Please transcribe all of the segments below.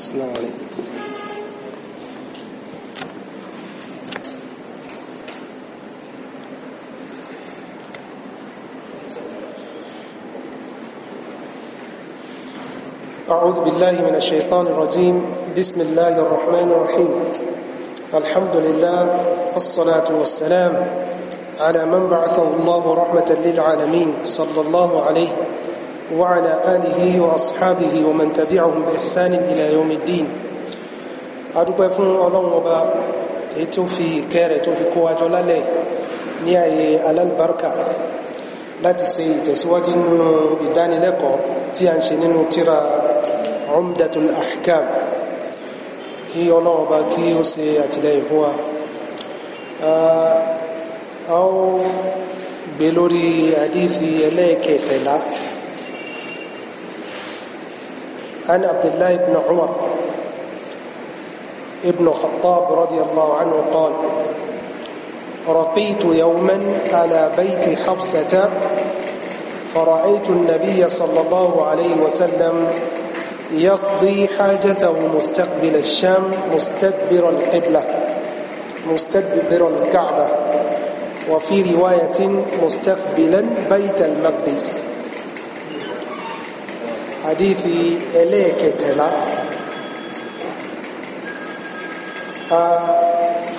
السلام عليكم أعوذ بالله من الشيطان الرجيم بسم الله الرحمن الرحيم الحمد لله والصلاة والسلام على من بعثه الله رحمة للعالمين صلى الله عليه وسلم وعلى آله وأصحابه ومن تبعهم بإحسان إلى يوم الدين أدوبة فون الله وبا إتوفي كير إتوفي كوا جلالي نياي على البركة láti ṣe ìtẹ̀síwájú nínú ìdánilẹ́kọ̀ọ́ tí a ń ṣe nínú tíra Umdatul Ahkam kí ọlọ́run bá kí ó ṣe àtìlẹ́yìn fún wa a ó gbé lórí àdífi ẹlẹ́ẹ̀kẹtẹ̀lá عن عبد الله بن عمر ابن خطاب رضي الله عنه قال رقيت يوما على بيت حفصة فرأيت النبي صلى الله عليه وسلم يقضي حاجته مستقبل الشام مستدبر القبلة مستدبر الكعبة وفي رواية مستقبلا بيت المقدس hadithi ẹlẹ́ẹ̀kẹtẹ̀lá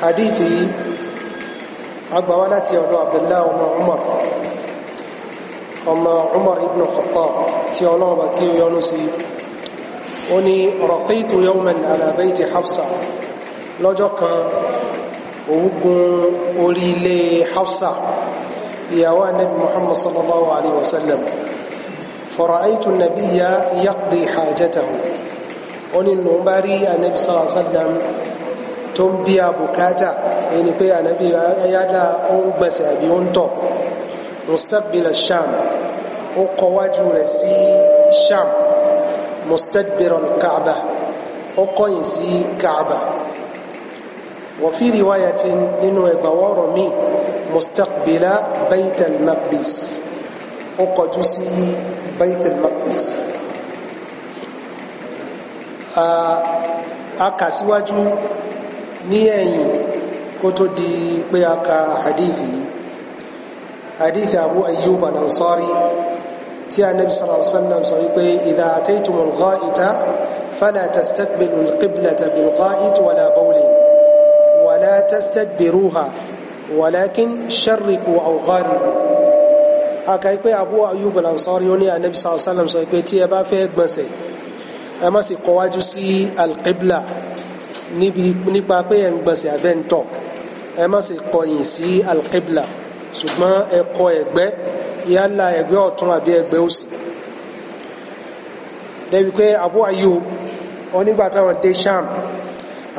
hadithi agbawa láti ọ̀dọ̀ abdullahi ọmọ umar ọmọ umar ibn khattab kí ọlọ́run bá kí yọ́nú sí ó ní raqitu yawman ala bayti hafsa lọ́jọ́ kan òwúgun orí ilé hafsa ìyàwó anabi muhammad sallallahu alaihi wasallam فرأيت النبي يقضي حاجته oni nu bá rí anabi sallallahu alaihi wasallam tó ń bí abùkátà èyí ni pé anabi ayáda ó ń gbẹ̀sẹ̀ àbí ó ń tọ̀ mustaqbila sham ó kọwájú rẹ̀ sí sham mustadbiral kaaba ó kọ̀yìn sí kaaba wa fi riwayatin nínú ẹgbàwọ́rọ̀ mi mustaqbila bayt al-maqdis ó kọjú sí بيت المقدس a kà síwájú ní ẹ̀yìn kó tó di pé a hadithi yìí hadithi abu ayyub al-ansari tí anabi sallallahu alaihi wasallam sọ wípé idha ataytumul gha'ita fala tastaqbilul qiblata bil gha'it wala bawlin wala tastadbiruha walakin sharriqu aw gharibu àkàí pé Abu Ayyub al-Ansari ó ní anabi sallallahu alayhi wa sallam sọ pé tí ẹ bá fẹ́ gbọ̀nsẹ̀ ẹ má sì kọwájú sí al-qibla níbi nípa pé ẹ ń gbọ̀nsẹ̀ abẹ́ ń tọ̀ ẹ má sì kọyìn sí al-qibla ṣùgbọ́n ẹ kọ ẹ̀gbẹ́ yálà ẹ̀gbẹ́ ọ̀tún àbí ẹ̀gbẹ́ òsì débi pé Abu Ayyub wọn nígbà táwọn dé sham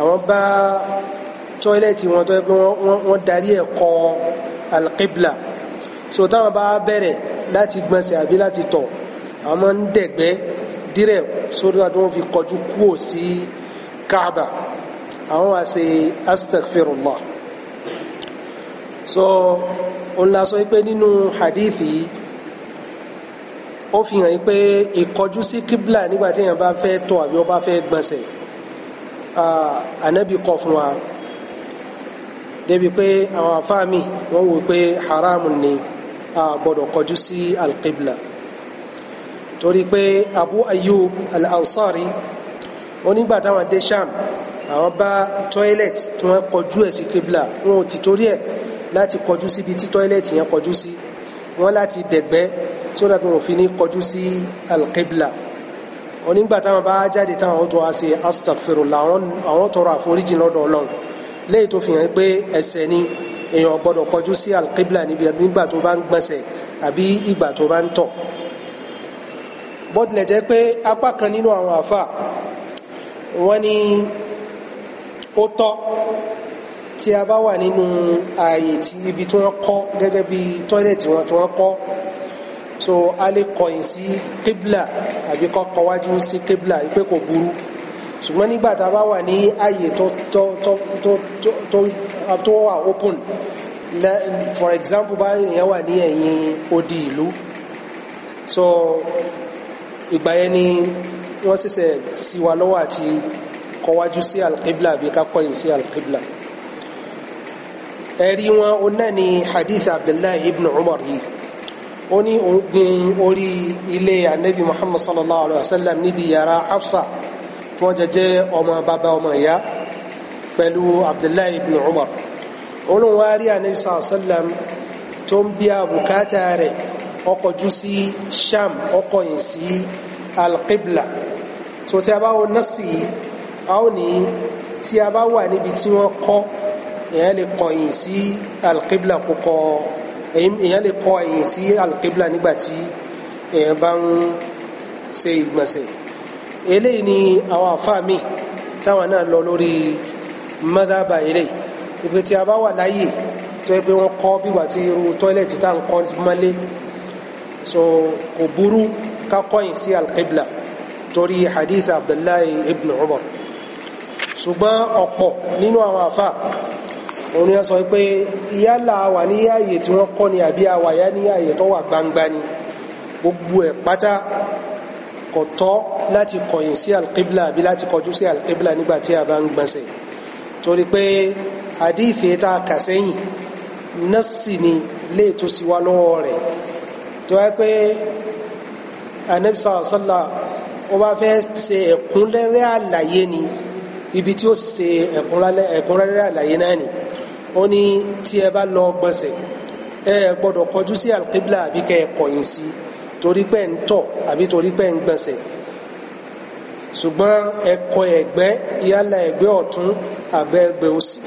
àwọn bá tọ́ílẹ̀tì wọn tó yẹ pé wọ́n darí ẹ̀ kọ al-qibla. Al so táwọn bá bẹ̀rẹ̀ láti gbọ̀nsẹ̀ àbí láti tọ̀ àmọ́ ń dẹ̀gbẹ́ dírẹ̀ sórí wa tí wọ́n fi kọjú kúò sí Kaaba àwọn wa ṣe astaghfirullah so òun la sọ pé nínú hadithi ó fi hàn pé ìkọjú sí kíblà nígbà tí èèyàn bá fẹ́ tọ̀ àbí ó bá fẹ́ gbọ̀nsẹ̀ ànábì kọ̀ fún wa débi pé àwọn afáàmì wọ́n wò pé haramu ni a gbọ́dọ̀ kọjú sí alqibla torí pé abu ayub al-ansari onígbà táwọn dé sham àwọn bá toilet tí wọ́n kọjú ẹ̀ sí qibla wọn ò ti torí ẹ̀ láti kọjú síbi tí toilet yẹn kọjú sí wọ́n láti dẹ̀gbẹ́ tí ó dàbí wọn fi ní kọjú sí alqibla onígbà táwọn bá jáde táwọn tó wá sí astaghfirullah àwọn tọrọ àforíjì lọ́dọ̀ léyìí tó fi hàn pé ẹ̀ṣẹ̀ ni èèyàn gbọ́dọ̀ kọjú sí alqibla níbi nígbà tó bá ń gbọ̀nsẹ̀ àbí ìgbà tó bá ń tọ̀ bọ́tilẹ̀ jẹ́ pé apá kan nínú àwọn àfà wọ́n ní ó tọ́ tí a bá wà nínú ààyè tí ibi tí wọ́n kọ́ gẹ́gẹ́ bí tọ́lẹ̀tì wọn tí wọ́n kọ́ so a lè kọ̀yìn sí kébìlà àbí kọ́kọ́ wájú sí kébìlà pé kò burú ṣùgbọ́n nígbà tá a bá wà ní ààyè tó tó tó tó tó Uh, tó wà open for example báyìí èèyàn wà ní ẹ̀yìn odi ìlú so ìgbà yẹn ni wọ́n ṣẹ̀ṣẹ̀ sí wa lọ́wọ́ àti kọwájú sí alqibla àbí kakọyìn sí alqibla ẹ̀rí wọn ó náà ni hadith abdullahi ibn umar yìí ó ní ogun orí ilé anabi muhammad sallallahu alayhi wa sallam níbi yàrá hafsa tí wọ́n jẹ́ ọmọ bàbá ọmọ ìyá pẹ̀lú abdullahi ibn umar olùwárí anabi sàlám tó ń bí abùkátà rẹ̀ ọkọ̀jú sí sham ọkọ̀yìn sí alqibla so tí a bá wọ nọ́ọ̀sì yìí a ó ní tí a bá wà níbi tí wọ́n kọ́ èèyàn lè kọ̀yìn sí alqibla kókọ́ èèyàn lè kọ́ ẹ̀yìn sí alqibla nígbà tí èèyàn bá ń ṣe ìgbọ̀nsẹ̀ eléyìí ni àwọn àfáà táwọn náà lọ lórí mọ́dàbà ilé ìpè tí a bá wà láyè tó yẹ pé wọ́n kọ́ bígbà tí irú tọ́ílẹ̀tì tá à ń kọ́ mọ́lé so kò burú ká kọ́yìn sí alqibla torí hadith abdullahi ibn umar ṣùgbọ́n ọ̀pọ̀ nínú àwọn àfà òun ni wọ́n sọ pé yálà wà ní ààyè tí wọ́n kọ́ ni àbí àwà yá ní ààyè tó wà gbangba ni gbogbo ẹ̀ pátá kò tọ́ láti kọ̀yìn sí alqibla àbí láti kọjú sí alqibla nígbà tí a bá ń gbọ̀nsẹ̀ torí pé àdífè tá a kà ni lè tó sí wa lọ́wọ́ rẹ̀ tó yẹ pé anabisa ọ̀sọ́là ó bá fẹ́ ṣe ẹ̀kúnrẹ́rẹ́ àlàyé ni ibi tí ó sì ṣe ẹ̀kúnrẹ́rẹ́ àlàyé náà ni ó ní tí ẹ bá lọ gbọ̀nsẹ̀ ẹ gbọ́dọ̀ kọjú sí alqibla àbí kẹ́ sí torí pé ń tọ̀ àbí torí pé ń gbọ̀nsẹ̀ ṣùgbọ́n ẹkọ ẹ̀gbẹ́ yálà ẹ̀gbẹ́ ọ̀tún àbẹ́ ẹ̀gbẹ́ òsì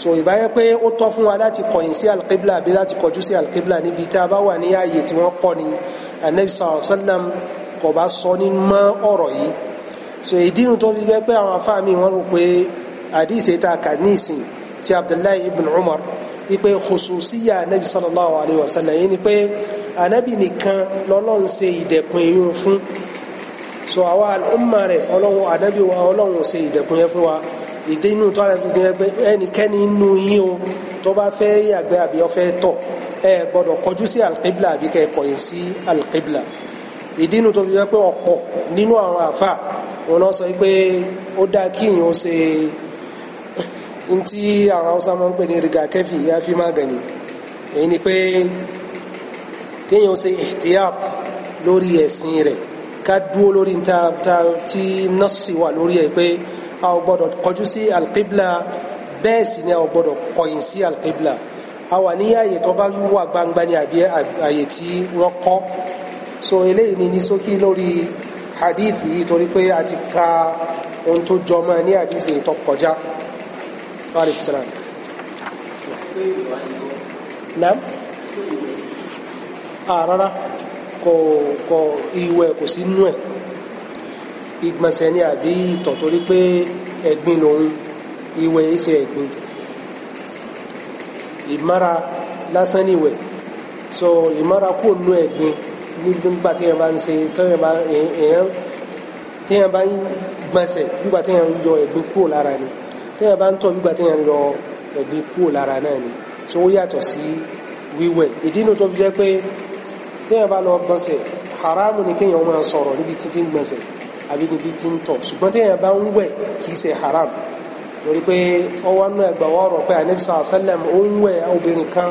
so ìbáyẹ pé ó tọ́ fún wa láti kọ̀yìn sí alqibla àbí láti kọjú sí alqibla níbi tá a bá wà ní ààyè tí wọ́n kọ́ ni anabi sallallahu alayhi wa sallam kò bá sọ ní mọ́ ọ̀rọ̀ yìí so ìdínú tó fi gbẹ́ pé àwọn afáàmì wọn rò pé àdìsẹ́ tá a kà ní ìsìn ti abdullahi ibn umar ipe khususiya anabi sallallahu alayhi wa sallam yìí ni pé anabi nìkan lọ́lọ́run ṣe ìdẹ̀kùn èyí fún so àwa ọmọ rẹ̀ ọlọ́run ànábì wa ọlọ́run ṣe ìdẹ̀kùn yẹn fún wa ìdí inú tó ànábì ti yẹn pé ẹnikẹ́ni inú yín o tó bá fẹ́ yàgbẹ́ àbí ó fẹ́ tọ̀ ẹ gbọ́dọ̀ kọjú sí alqibla àbí kẹ́ kọ̀yìn sí alqibla ìdí inú tó fi yẹ pé ọ̀pọ̀ nínú àwọn àfà wọn náà sọ pé ó dáa kí èèyàn ó ṣe ntí àwọn haúsá máa ń pè ní rigakẹ́fì yá fi má gani èyí ni pé kéèyàn ó ṣe ihtiyat lórí ẹ̀sìn rẹ̀ ká dúró lórí ta ta tí nọ́ọ̀sì wà lórí ẹ̀ pé a ò gbọ́dọ̀ kọjú sí alqibla bẹ́ẹ̀ sì ni a ò gbọ́dọ̀ kọ̀yìn sí alqibla a wà ní àyè tó bá wà gbangba ní àbí àyè tí wọ́n kọ́ so eléyìí ni ní ṣókí lórí hadith yìí torí pé a ti ka ohun tó jọmọ ní hadith èyí tó kọjá alayhi salam. naam. ah rárá kò kò ìwẹ̀ kò sí nú ẹ̀ ìgbọ̀nsẹ̀ ni àbí ìtọ̀ torí pé ẹ̀gbin lòun ìwẹ̀ yìí ṣe ìmára lásán ni ìwẹ̀ so ìmára kò nú ẹ̀gbin nígbà tí ẹ bá ń ṣe tí ẹ bá ń gbọ̀nsẹ̀ nígbà tí ẹ ń yọ ẹ̀gbin kúrò lára ni tí ẹ bá ń tọ̀ nígbà tí ẹ yọ ẹ̀gbin kúrò lára náà ni so ó yàtọ̀ sí wíwẹ̀ ìdí inú tó fi jẹ́ pé téèyàn bá lọ haramu ni kéèyàn máa sọ̀rọ̀ níbi tí ti àbí níbi tí ń tọ̀ ṣùgbọ́n téèyàn bá ń wẹ̀ kìí ṣe haram lórí pé ọwọ́ náà ẹgbà wọ́ọ̀rọ̀ pé anabi ó ń wẹ̀ obìnrin kan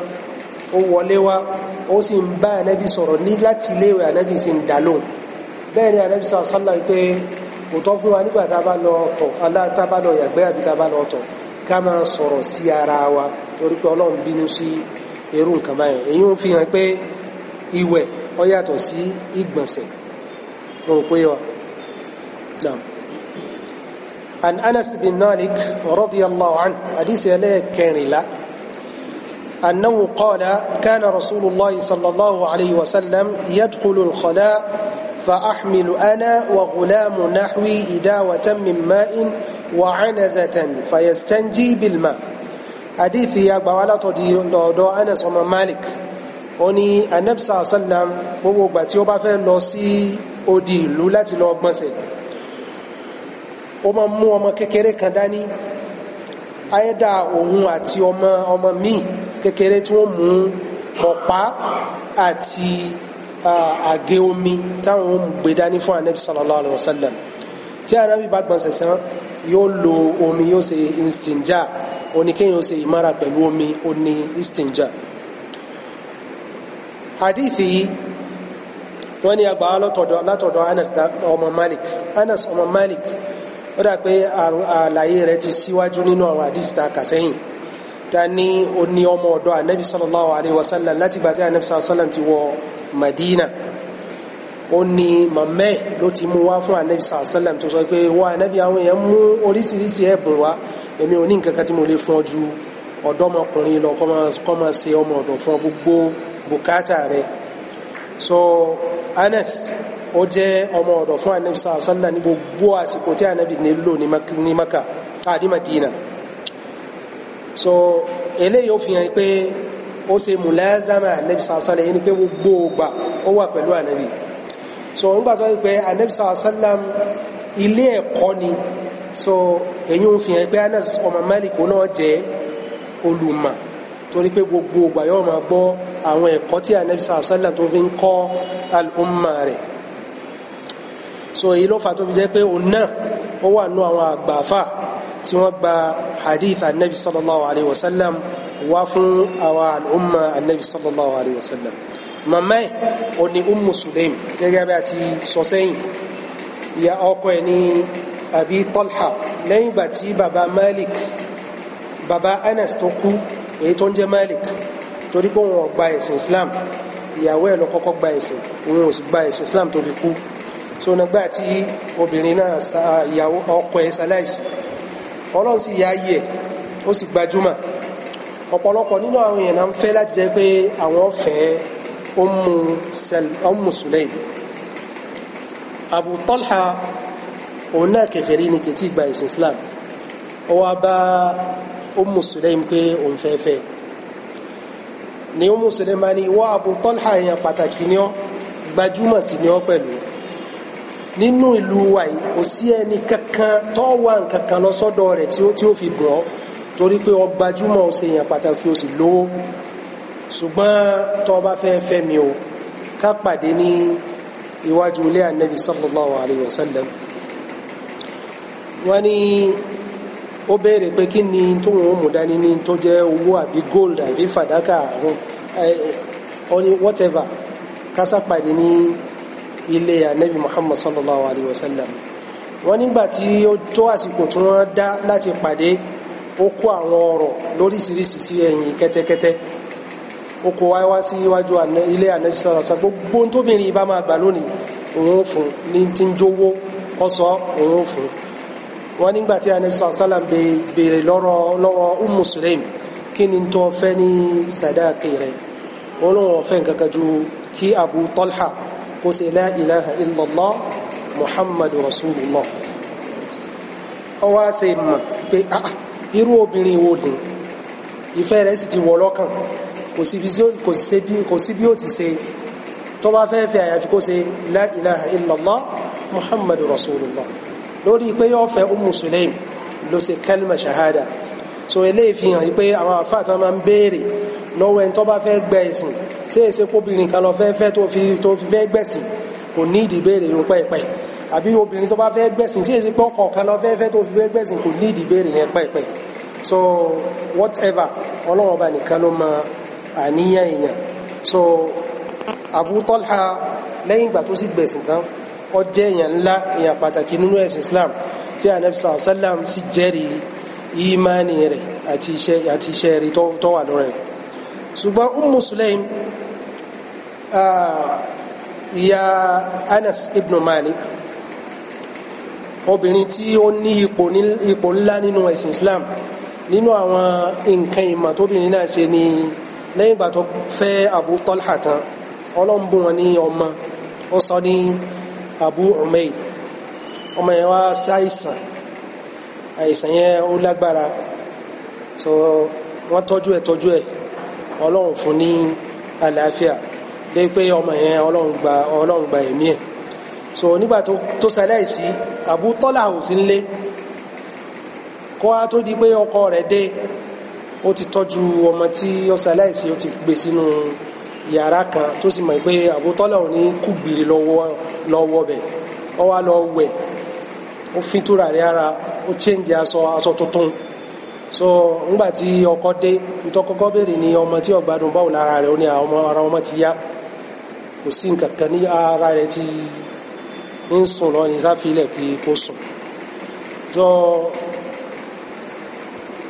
ó wọlé wá ó sì ń bá anabi sọ̀rọ̀ ní láti iléèwé anabi sì ń dà lóhùn bẹ́ẹ̀ ni anabi sàlá pé fún wa nígbà tá a bá lọ tọ̀ tá a bá lọ yàgbẹ́ àbí tá a bá lọ tọ̀ ká máa sọ̀rọ̀ sí ara wa torí pé ọlọ́run bínú sí irú nǹkan èyí ń fi ìwẹ̀ ó yàtọ̀ sí ìgbọ̀nsẹ̀ mo rò pé wa naam an anas bin malik radiyallahu anhu hadith ẹlẹ́ẹ̀kẹrìnlá أنه قال كان رسول الله صلى الله عليه وسلم يدخل الخلاء فأحمل أنا وغلام نحوي إداوة من ماء وعنزة فيستنجي بالماء حديث يا بوالة دي أنس ومالك مالك ó ní anabisa sallam gbogbo ìgbà tí ó bá fẹ́ lọ sí odi ìlú láti lọ gbọ̀nsẹ̀ ó máa mú ọmọ kékeré kan dání ayédà òun àti ọmọ ọmọ míì kékeré tí wọ́n mú ọ̀pá àti àgé omi táwọn ò gbé dání fún anabi sallallahu sallam tí anabi bá gbọ̀nsẹ̀ sàn yóò lo omi yóò ṣe istinja oníkéyìn yóò ṣe ìmára pẹ̀lú omi ó ní istinja hadithi yìí wọ́n ní agbàá látọ̀dọ̀ anas ọmọ malik anas ọmọ malik ó dà pé àlàyé rẹ̀ ti síwájú nínú àwọn hadithi ta kà sẹ́yìn ta ní ó ní ọmọ ọ̀dọ̀ anabi sallallahu alayhi wa sallam láti gbàtí anabi sallallahu alayhi wa sallam ti wọ madina ó ní mọ̀mẹ́ ló ti mú wá fún anabi sallallahu alayhi wa sallam tó sọ pé wọ́n anabi àwọn èèyàn mú oríṣiríṣi ẹ̀bùn wá èmi ò ní nǹkan kan tí mo lè fún ọ ju ọ̀dọ́mọkùnrin lọ kọ́ máa ṣe ọmọ ọ̀dọ̀ fún gbogbo bùkátà rẹ̀ so Anas ó jẹ́ ọmọ ọ̀dọ̀ fún anabi sallallahu alaihi wasallam ní gbogbo àsìkò tí anabi nílò ní maka àdí Madina so eléyìí ó fi hàn pé ó ṣe mùlẹ́zàmà anabi sallallahu alaihi wasallam yẹn ni pé gbogbo ògbà ó wà pẹ̀lú anabi so ń gbà tó yẹ pé anabi sallallahu alaihi wasallam ilé ẹ̀kọ́ ni so èyí ń fi hàn pé Anas ọmọ Malik náà jẹ́ olùmọ̀ torí pé gbogbo ìgbà yóò máa gbọ́ àwọn ẹ̀kọ́ tí anabi sàlá sàlá tó fi ń kọ́ al-umma rẹ̀ so èyí ló fà tó fi jẹ́ pé òun náà ó wà nú àwọn àgbààfà tí wọ́n gba hadith anabi sallallahu alayhi wa sallam wá fún àwọn al-umma anabi sallallahu alayhi wa sallam màmá ẹ̀ ò ní ummu sulaim gẹ́gẹ́ bí a ti sọ sẹ́yìn ìyá ọkọ ẹ̀ ní abi talha lẹ́yìn ìgbà tí baba malik baba anas tó kú èyí tó ń jẹ́ Malik torí pé òun ò gba Islam ìyàwó ẹ̀ ló kọ́kọ́ gba ẹ̀sìn òun ò sì gba ẹ̀sìn Islam tó fi kú so nígbà tí obìnrin náà sa ìyàwó ọkọ ẹ̀ ṣaláìsí ọlọ́run sì yá yẹ ó sì gbajúmọ̀ ọ̀pọ̀lọpọ̀ nínú àwọn èèyàn náà ń fẹ́ láti jẹ́ pé àwọn fẹ́ Ummu Sulaym Abu Talha òun náà kèfèrí ni kìtì gba ẹ̀sìn Islam ó wá bá Ummu Sulaym pé òun fẹ́ fẹ́ ni Ummu Sulaym bá ní ìwọ Abu Talha yẹn pàtàkì ni ọ́ gbajúmọ̀ sí ni ọ́ pẹ̀lú nínú ìlú wa yìí kò sí ẹni kankan tó wà nkankan lọ sọ́dọ̀ rẹ̀ tí ó tí ó fi dùn ọ́ torí pé ọ gbajúmọ̀ ó ṣe yẹn pàtàkì ó sì lówó ṣùgbọ́n tó bá fẹ́ fẹ́ mi o ká pàdé ní iwájú ilé ànábì sallallahu alayhi wọ́n ní. ó béèrè pé kí ni tó wọn mú dání ní tó jẹ́ owó àbí gold àbí fàdákà àrùn ọni whatever kásápàdé ní ilé anabi muhammad sallallahu alayhi wa sallam wọn nígbà tí ó tó àsìkò tí wọn dá láti pàdé ó kó àwọn ọrọ lóríṣiríṣi sí ẹ̀yìn kẹ́tẹ́kẹ́tẹ́ ó kó wáyé wá sí iwájú ilé anabi sallallahu alayhi wa sallam ọsọ òun wọ́n nígbà tí anabi sàlám béèrè lọ́wọ́ umu sulaim kí ni tó fẹ́ ní sadaki rẹ̀ wọ́n lóun ọ̀fẹ́ nǹkan kan ju kí abu talha kó ṣe la ilaha illallah muhammadu rasulullah ọwọ́ a ṣe mọ̀ pé ah, ah, irú obìnrin wo ni ìfẹ́ rẹ̀ sì ti wọ̀ lọ́kàn kò sí bí ó ti ṣe tó bá fẹ́ àyàfi kó ṣe la ilaha illallah muhammadu rasulullah lórí pé yóò fẹ́ Ummu Sulaym ló ṣe kẹlímà ṣahada so eléyìí fi hàn pé àwọn àfáà tí wọn máa ń béèrè lọ́wọ́ ẹni tó bá fẹ́ gbẹ ẹ̀sìn ṣé èsè kóbìnrin kan lọ fẹ́ fẹ́ tó fi tó fi fẹ́ gbẹ̀sìn kò ní ìdí béèrè yẹn pẹ́ẹ́pẹ́ àbí obìnrin tó bá fẹ́ gbẹ̀sìn ṣé èsè pọ́kọ̀ kan lọ fẹ́ fẹ́ tó fi fẹ́ gbẹ̀sìn kò ní ìdí yẹn pẹ́ẹ́pẹ́ so whatever ọlọ́run ọba nìkan ló mọ àníyàn èèyàn so Abu Talha lẹ́yìn ìgbà tó sì gbẹ̀sìn tán ó jẹ́ èèyàn ńlá èèyàn pàtàkì nínú ẹ̀sìn Islam tí anabi sàlá sàlám sì jẹ́rìí ìmánì rẹ̀ àti iṣẹ́ àti iṣẹ́ rí tó wà lórí rẹ̀ ṣùgbọ́n Ummu Sulaym ìyá Anas ibn Malik obìnrin tí ó ní ipò ńlá nínú ẹ̀sìn Islam nínú àwọn nǹkan ìmọ̀ tóbìnrin náà ṣe ni lẹ́yìn ìgbà tó fẹ́ Abu Talha tán ọlọ́mbùn wọn ní ọmọ ó sọ ní abu umaid ọmọ yẹn wá ṣàìsàn àìsàn yẹn ó lágbára so wọ́n tọ́jú ẹ̀ tọ́jú ẹ̀ ọlọ́run fún ní àlàáfíà dé pé ọmọ yẹn ọlọ́run gba ọlọ́run gba ẹ̀mí ẹ̀ so nígbà tó ṣaláìsí abu tọ́lá ò sí nílé kó a tó di pé ọkọ rẹ̀ dé ó ti tọ́jú ọmọ tí ó ṣaláìsí ó ti gbé sínú yàrá kan tó sì mọ̀ pé àbótọ́lọ̀ ní kùgbìrì lọ́wọ́ lọ wọ bẹ̀ ọ wá lọ wẹ̀ ó ara ó aṣọ aṣọ tuntun so ti ọkọ dé ntọkọkọ ni ọmọ tí báwo lára ó ní ara ti yá kò sí nǹkan kan ní ara ti ń sùn lọ ní sáfilẹ kí kò sùn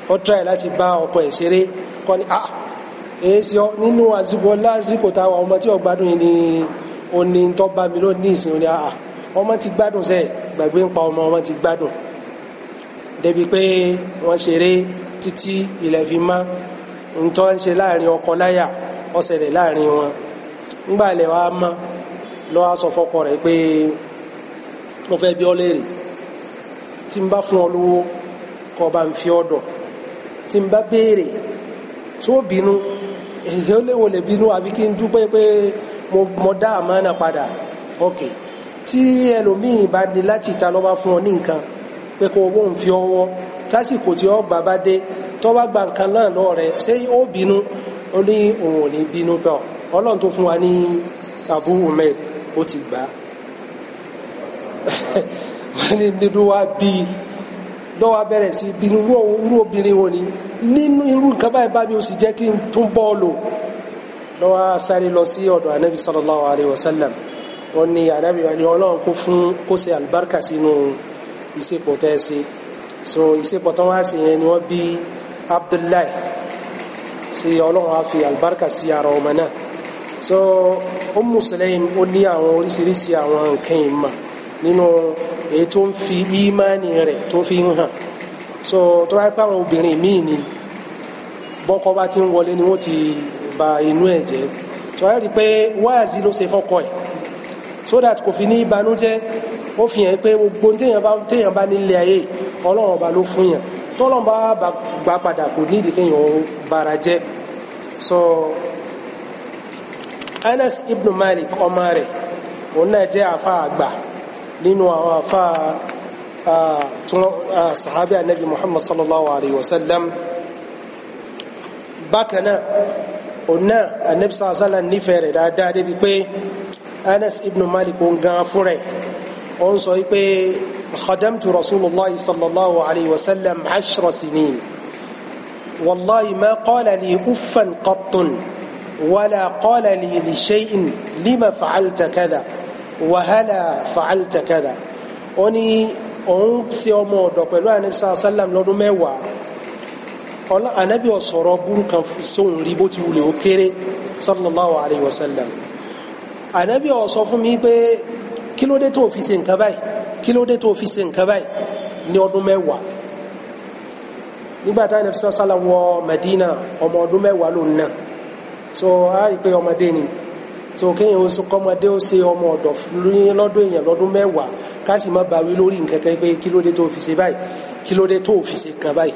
ó láti bá ni ah èyí sọ, nínú ọmọ tí ó ní tó bá mi ló ní ìsìn ní àà ah, ọmọ ti gbádùn sẹ gbàgbé ń pa ọmọ ọmọ ti gbádùn débi pé wọ́n ṣeré títí ilẹ̀ fi mọ́ ntọ́ ń ṣe láàrin ọkọ láyà ó ṣẹlẹ̀ láàrin wọn ńgbà lẹ̀ wá mọ́ lọ́ wá sọ fọ́kọ rẹ̀ pé mo fẹ́ bí ọ léèrè tí n bá fún ọ lówó kọ́ ọ bá ń fi ọ̀dọ̀ tí n bá béèrè tó bínú èyí ó léwo lè bínú àbí kí n dúpẹ́ pé. pé mo mo dá àmánà padà ok tí ẹlòmíì bá ní láti ìta lọ́ba fún ọ ní nǹkan pé kó owó ń fi ọwọ́ tásìkò tí ọgbà bá dé tọ́ba gba nǹkan náà lọ́wọ́ rẹ ṣé ó bínú ó ní òun ò ní bínú bẹ́ẹ̀ ọlọ́run tó fún wa ní Abu Umair ó ti gbà á wọ́n ní nínú wa bí lọ́wọ́ abẹ́rẹ́ sí bínú irú obìnrin wo ni nínú irú nǹkan báyìí bá mi ò sì jẹ́ kí n tún bọ́ọ̀lù lọ́wọ́ sáré lọ sí ọ̀dọ̀ anabi sallallahu alayhi wa sallam ó ní anabi wa ni ọlọ́run kó fún kó ṣe alibarika sínú ìṣepọ̀ tẹ́ ṣe so ìṣepọ̀ tán wá sí yẹn ni wọ́n bí abdullahi sí ọlọ́run á fi alibarika sí ara ọmọ náà so Ummu Sulaym ó ní àwọn oríṣiríṣi àwọn nǹkan ìmọ̀ nínú èyí tó ń fi ímánì rẹ̀ tó fi ń hàn so tó bá pẹ́ àwọn obìnrin míì ni bọ́kọ bá ti ń wọlé ni wọ́n ti ba inú ẹ̀ jẹ́ tó a rí pé wáàzí ló ṣe fọ́kọ ẹ̀ so that kò fi ní ìbànújẹ́ ó fi hàn pé gbogbo téèyàn bá téèyàn bá nílé ayé ọlọ́run ọba ló fún yàn tọ́lọ́run bá gbà padà kò ní ìdí kéèyàn bara jẹ́ so Anas ibn Malik ọmọ rẹ̀ òun náà jẹ́ àfa àgbà nínú àwọn àfa sahabi anabi Muhammad sallallahu alayhi wa sallam bákan náà òun náà anabi sallallahu alaihi wasallam nífẹ̀ẹ́ rẹ̀ dáadáa débi pé anas ibn malik ń gan fún rẹ̀ ó ń sọ pé khadamtu rasulillah sallallahu alaihi wasallam ashra sinin wallahi ma qala li uffan qattun wala qala li li shay'in lima fa'alta kadha wàhálà fa'alta kadha ó ní òun ṣe ọmọ ọ̀dọ̀ pẹ̀lú anabi sallallahu alaihi ọlá anabi ọsọrọ burúkan sóhun rí bó ti wulẹ̀ ó kéré sallallahu alayhi wa sallam anabi ọsọ fún mi pé kí ló dé tó fi ṣe nǹkan báyìí kí ló dé tó fi ṣe nǹkan báyìí ní ọdún mẹ́wàá nígbà tá anabi sọsọlá wọ Madina ọmọ ọdún mẹ́wàá lòun náà so a rí pé ọmọdé ni so kéèyàn ó sọ kọ́mọdé ó ṣe ọmọ ọ̀dọ̀ lọ́dún èèyàn lọ́dún mẹ́wàá ká sì má bawí lórí nǹkan kan pé kí ló dé tó fi ṣe báyìí kí ló dé tó fi ṣe kan báyìí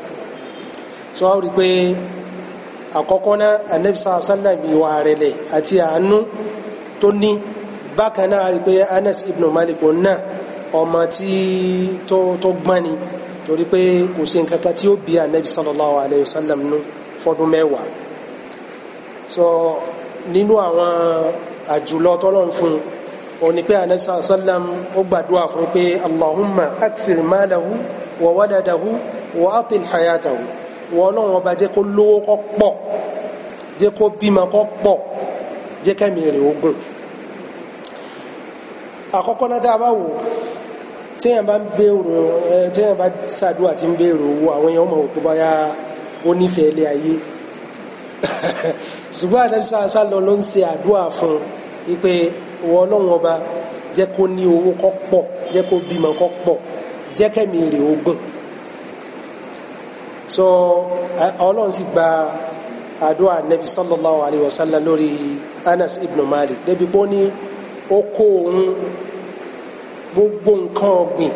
so a rí pé àkọ́kọ́ náà anabi sallallahu alayhi wa sallam ìwà rẹ̀ lẹ̀ àti àánú tó ní bákan náà a rí pé Anas ibn Malik náà ọmọ tí tó tó torí pé kò ṣe nǹkan tí ó bí anabi sallallahu alayhi wa sallam fọdún mẹ́wàá so nínú àwọn àjùlọ tọ́lọ́n fún ó ní pé anabi sallallahu alayhi wa sallam ó gbàdúrà fún pé Allahumma akfir malahu wa waladahu wa atil hayatahu wọn ọlọ́run ọba jẹ́ kó lówó kó pọ̀ jẹ́ kó bímọ kó pọ̀ jẹ́ kẹ́mi rẹ̀ ogun àkọ́kọ́ náà tá a bá wò téèyàn bá ń béèrò ẹ téèyàn bá ṣàdúrà tí ń béèrò owó àwọn èèyàn mọ̀ òpó báyà ó nífẹ̀ẹ́ ilé ayé ṣùgbọ́n àdàbí sàásà lọ ló ń ṣe àdúrà fún un pé ìwọ ọlọ́run ọba jẹ́ kó ní owó kó pọ̀ jẹ́ kó bímọ kó pọ̀ jẹ́ kẹ́mi rẹ̀ ogun so eh, ọlọ́run sì gba àdúrà nẹ́bí sallallahu alayhi wa sallam lórí Anas ibn Malik débi pé ó ní ó kó òun gbogbo nǹkan ọ̀gbìn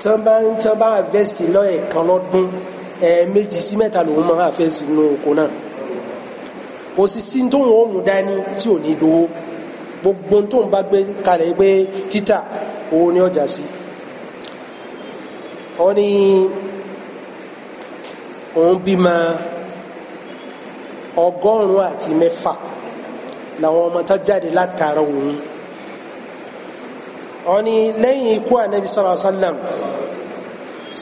tí wọ́n bá ń tí wọ́n bá harvest lọ́ọ̀ kan lọ́dún ẹ̀ẹ̀mejì sí mẹ́ta lòun máa harvest nínú oko náà kò sì sí tóun ó mú dání tí ò ní dowó gbogbo tóun bá gbé kalẹ̀ gbé títà owó ní ọjà sí. ọ ní òun bímọ ọgọ́rùn-ún àti mẹ́fà làwọn ọmọ tó jáde látara òun ó ní lẹ́yìn ikú anabi sallallahu alayhi wa sallam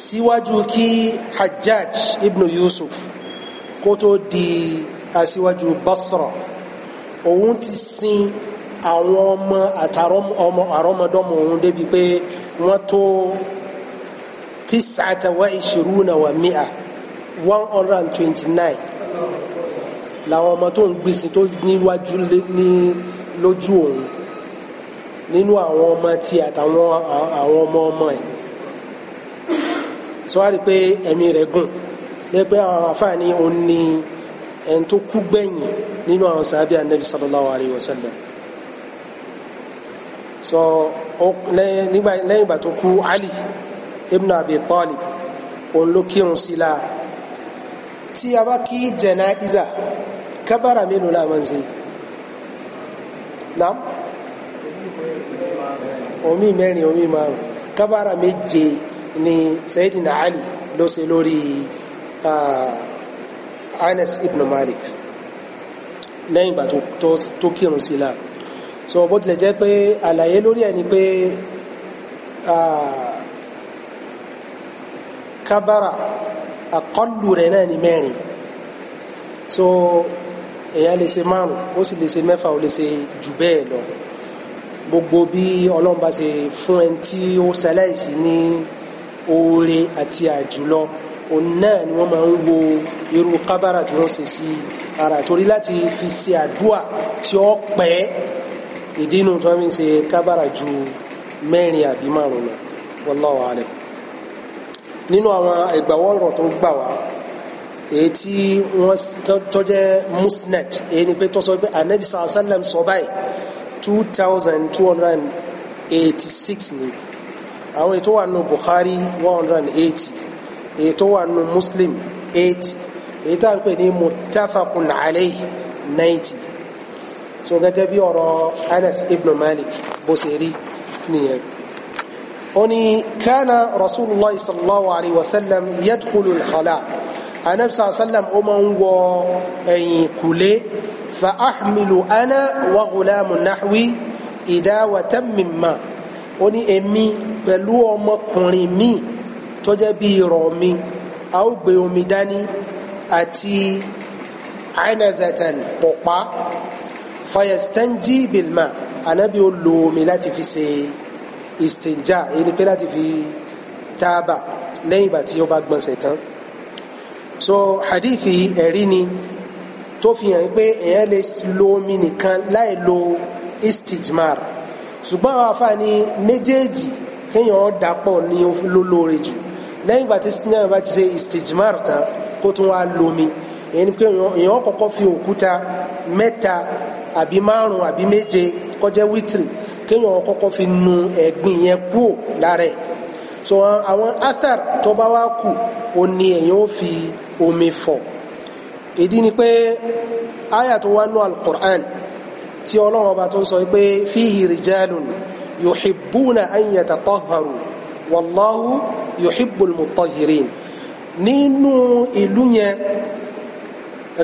síwájú kí hajjaj ibn yusuf kó tó di aṣíwájú basra òun ti sin àwọn ọmọ àtàrọmọ òun débi pé wọ́n tó tis'ata wa ishiruna wa mi'a one hundred and twenty nine làwọn ọmọ tó ń gbèsè tó níwájú ní lójú òun nínú àwọn ọmọ tí àtàwọn àwọn ọmọ ọmọ ẹ̀ sọ́wárí pé ẹ̀mí rẹ̀ gùn lẹ́pẹ́ àwọn àfáàní òun ni ẹni tó kú gbẹ̀yìn nínú àwọn sàábì anabi sallallahu alayhi wa sallam so ìgbà tó kú ali ibn abi talib òun ló kírun sí láà tí a bá kí jẹnáìzà kábàrà mélòó la máa ń ṣe omi mẹ́rin omi márùn kábàrà méje ni Sayyidina Ali ló ṣe lórí ah, Anas ibn Malik lẹ́yìn ìgbà tó kírun sí la so bó tilẹ̀ jẹ́ pé àlàyé lórí ẹ̀ ni pé ah, kábàrà àkọlù rẹ̀ náà ni mẹ́rin so èèyàn lè ṣe márùn ó sì lè ṣe mẹ́fà ó lè ṣe jù bẹ́ẹ̀ lọ gbogbo bí ọlọ́run bá ṣe fún ẹni tí ó ṣaláìsí ní oore àti àjùlọ òun náà ni wọ́n máa ń wo irú kábàrà tí wọ́n ṣe sí ara torí láti fi ṣe àdúà tí ó pẹ́ ìdí inú tí wọ́n fi ń kábàrà ju mẹ́rin àbí márùn lọ wallahu alam nínú àwọn ìgbàwọ́rọ̀ tó gbà wá èyí tí wọ́n tọ́jẹ́ musnet èyí ni pé tó sọ pé anabi sàlá sàlám sọ báyìí two thousand two hundred and eighty six ni àwọn èyí tó wà nù Bukhari one hundred and eighty èyí wà nù Muslim eighty èyí tá à ń pè ní muttafaqun alayhi ninety so gẹ́gẹ́ bí ọ̀rọ̀ Anas ibn Malik bó ṣe rí nìyẹn oni kana rasulillah sallallahu alayhi wa sallam yadkhulu al-khala anabi sallallahu alayhi wa sallam ó máa ń wọ ẹ̀yìn kule fa ahmilu ana wa ghulamu nahwi idawata mimma oni èmi pẹ̀lú ọmọkùnrin mi tó jẹ́ bí ìrọ̀ mi a ó gbé omi dání àti ainazatan pọ̀pá fayastanji bilma anabi ó lo omi láti fi ṣe istinja ẹni pé láti fi tábà lẹ́yìn ìgbà tí ó bá gbọ̀nsẹ̀ tán so hadithi ẹ̀rí ni tó fi hàn pé èèyàn lè lo omi nìkan láì lo istijmar ṣùgbọ́n àwọn afáàní méjèèjì kéèyàn dàpọ̀ ní lólóore jù lẹ́yìn ìgbà tí sinimá bá ti ṣe istijmar tán kó tún wá lomi èyí ni pé èèyàn kọ́kọ́ fi òkúta mẹ́ta àbí márùn àbí méje kó wítìrì kéèyàn kọ́kọ́ fi nu ẹ̀gbin yẹn kúò lára ẹ̀ so àwọn athar tó bá wá kù ó ní èyàn ó fi omi fọ̀ ìdí ni pé àyà tó wá nú al-Qur'an tí ọlọ́run ọba tó ń sọ pé fihi rijalun yuhibbuna an yatatahharu wallahu yuhibbul mutahhirin nínú ìlú yẹn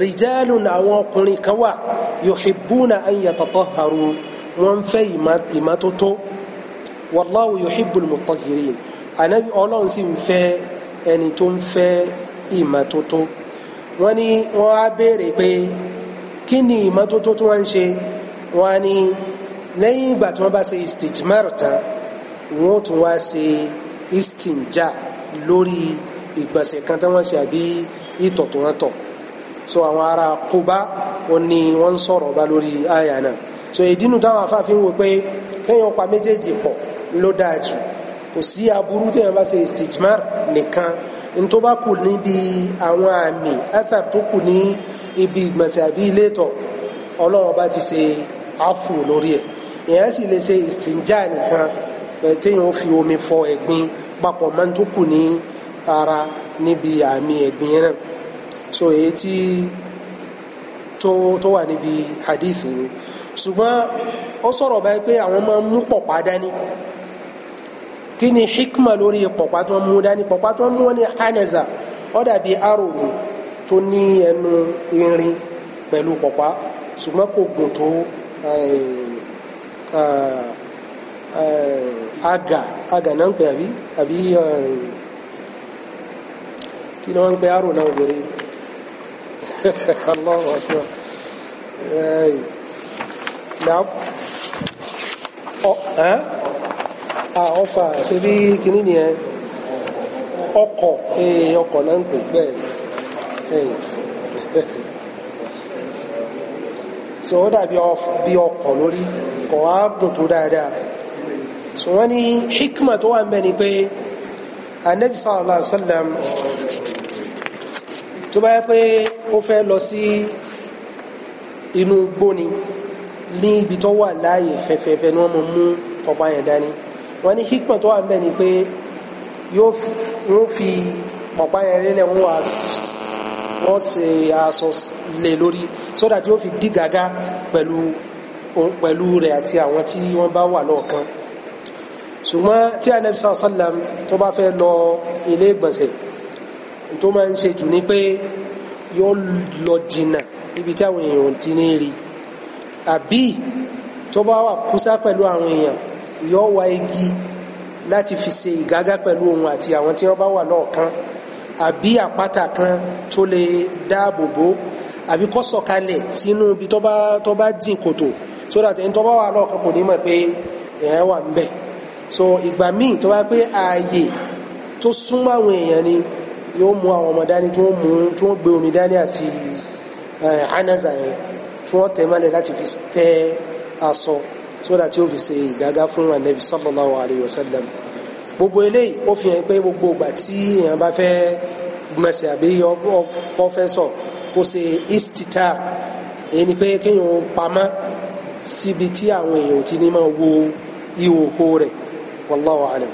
rijalun àwọn ọkùnrin kan wà yuhibbuna an yatatahharu wọ́n ń fẹ́ ìmọ́tótó wallahu yuhibbul mutahhirin ànábì ọlọ́run sì ń fẹ́ ẹni tó ń fẹ́ ìmọ́tótó wọ́n ní wọ́n á béèrè pé kí ni ìmọ́tótó tí wọ́n ń ṣe wọ́n á ní lẹ́yìn ìgbà tí wọ́n bá ṣe istijmar tán wọ́n tún wá ṣe istinja lórí ìgbọ̀nsẹ̀ kan tí wọ́n ṣe àbí ìtọ̀ tó tọ̀ so àwọn ará Quba ó ní wọ́n ń sọ̀rọ̀ bá lórí àyà náà so ìdínú táwọn afáfin wò pé kéèyàn pa méjèèjì pọ̀ ló dáa jù kò sí aburú téèyàn bá ṣe istijmar nìkan ntó bá kù níbi àwọn àmì athar tó kù ní ibi ìgbọ̀nsẹ̀ àbí ilé ìtọ̀ ọlọ́run bá ti ṣe àfù lórí ẹ̀ èèyàn sì lè ṣe istinja nìkan téèyàn ó fi omi fọ ẹ̀gbin papọ̀ máa ń tó kù ní ara níbi àmì ẹ̀gbin yẹn náà so èyí tí tó wà níbi hadith ni ṣùgbọ́n ó sọ̀rọ̀ báyìí pé àwọn máa ń mú pọ̀pá dání kí ni hikma lórí pọ̀pá tó ń mú dání pọ̀pá tó ń mú ní haneza ó dàbí arò ni tó ní ẹnu irin pẹ̀lú pọ̀pá ṣùgbọ́n kò gùn tó aga eh, eh, eh, aga náà ń pè àbí àbí kí ni wọ́n ń pè arò náà obìnrin Allahu akbar náà ọfà ṣe bí kìíní nìyẹn ọkọ̀ ọkọ̀ náà ń pè bẹ́ẹ̀ so ó dàbí bí ọkọ̀ so wọ́n ní hikma tó wà ń bẹ ni pé anabi sallallahu alaihi wa sallam tó bá yẹ pé ó fẹ́ lọ sí ní ibi tó wà láàyè fẹfẹẹfẹ ni wọn mọ mú ọba yẹn dání wọn ní hikma tó wà ń bẹ ni pé yóò wọn fi ọba yẹn lélẹ̀ wọn wà wọn ṣe aṣọ lé lórí sódà tí yóò fi dí gàgá pẹ̀lú pẹ̀lú rẹ̀ àti àwọn tí wọn bá wà lọ́ọ̀kan ṣùgbọ́n tí anabi sàlọ sàlám tó bá fẹ́ lọ ilé ìgbọ̀nsẹ̀ tó máa ń ṣe jù ni pé yóò lọ jìnnà ibi tí àwọn èèyàn ti ní rí àbí tó bá wà kúsá pẹ̀lú àwọn èèyàn yọ wá igi láti fi ṣe ìgágá pẹ̀lú òun àti àwọn tí wọ́n bá wà lọ́ọ̀kan àbí àpáta kan tó lè dáàbò bò àbí kó sọ̀kalẹ̀ sínú ibi tó bá tó bá dín kòtò so that ẹni tó bá wà lọ́ọ̀kan kò ní mọ̀ pé ẹ̀ wà ń bẹ̀ so ìgbà míì tó bá pé ààyè tó súnmọ́ àwọn èèyàn ni yóò mú àwọn ọmọ dání tó ń mú tó ń gbé omi dání àti anaza yẹn tí wọ́n tẹ̀ mọ́lẹ̀ láti fi tẹ́ aṣọ sódà tí ó fi ṣe ìgbàgá fún anabi sallallahu alayhi wa sallam gbogbo eléyìí ó fi hàn pé gbogbo ìgbà tí èèyàn bá fẹ́ gbọmọsẹ̀ àbí ọfẹ́sọ̀ kó ṣe istita èyí ni pé kéèyàn pamọ́ síbi tí àwọn èèyàn ti ní máa wo ìhòhò rẹ̀ wallahu alam.